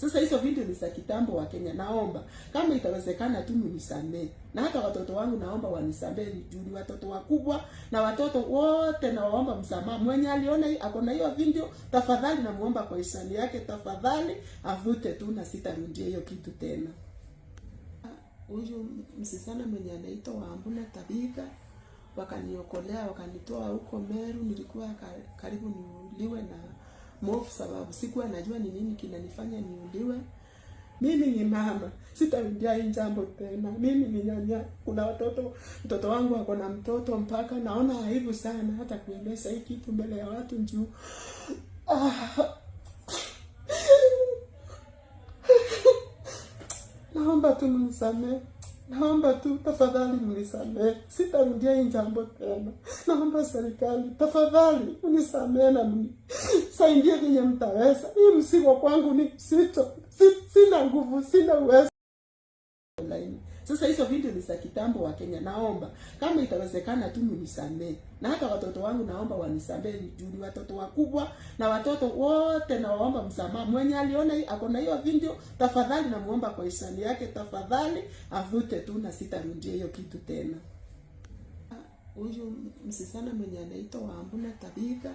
Sasa hizo video ni za kitambo wa Kenya. Naomba kama itawezekana tu mnisamee, na hata watoto wangu naomba wanisamee, juu ni watoto wakubwa, na watoto wote nawaomba msamaha. Mwenye aliona hii akona hiyo video, tafadhali namuomba kwa hisani yake, tafadhali avute tu na sitarudia hiyo kitu tena. Huyu msichana mwenye anaitwa Wambuna Tabika wakaniokolea, wakanitoa huko Meru, nilikuwa karibu niuliwe na mofu, sababu sikuwa najua ni nini kinanifanya niuliwe. Mimi ni mama, sitaingia hii jambo tena. Mimi ni nyanya, kuna watoto, mtoto wangu ako na mtoto, mpaka naona aibu sana hata kuendesha hii kitu mbele ya watu juu ah. naomba tu mnisamehe. Naomba tu tafadhali mnisamehe, sitarudia hii jambo tena. Naomba serikali tafadhali mnisamehe na mnisaidie venye mtaweza. Hii msiba kwangu ni msito sina nguvu, sina uwezo online. Sasa hizo video ni za kitambo wa Kenya. Naomba kama itawezekana tu mnisamee, na hata watoto wangu naomba wanisamee, juu ni watoto wakubwa, na watoto wote nawaomba msamaha. Mwenye aliona hii ako na hiyo video, tafadhali namuomba kwa hisani yake, tafadhali avute tu na sitarudie hiyo kitu tena. Huyu msisana mwenye anaitwa Wambuna Tabiga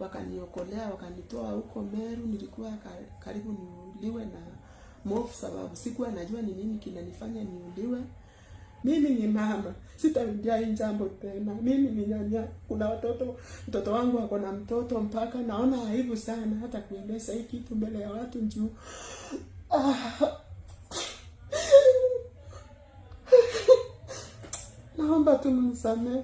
wakaniokolea, wakanitoa huko Meru, nilikuwa karibu niuliwe na mofu, sababu sikuwa najua ni nini kinanifanya niuliwe. Mimi ni mama, sitarudia hii jambo tena. Mimi ni nyanya, kuna watoto, mtoto wangu ako na mtoto, mpaka naona aibu sana hata kuendesha hii kitu mbele ya watu juu ah. Naomba tu mnisamehe.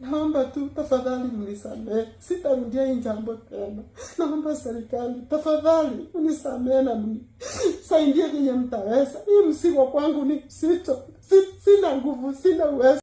Naomba tu tafadhali mnisamehe, sitarudia hii jambo tena. Naomba serikali tafadhali mnisamehe na mnisaidie vyenye mtaweza. Hii msiba kwangu ni sito, sina nguvu, sina uwezo.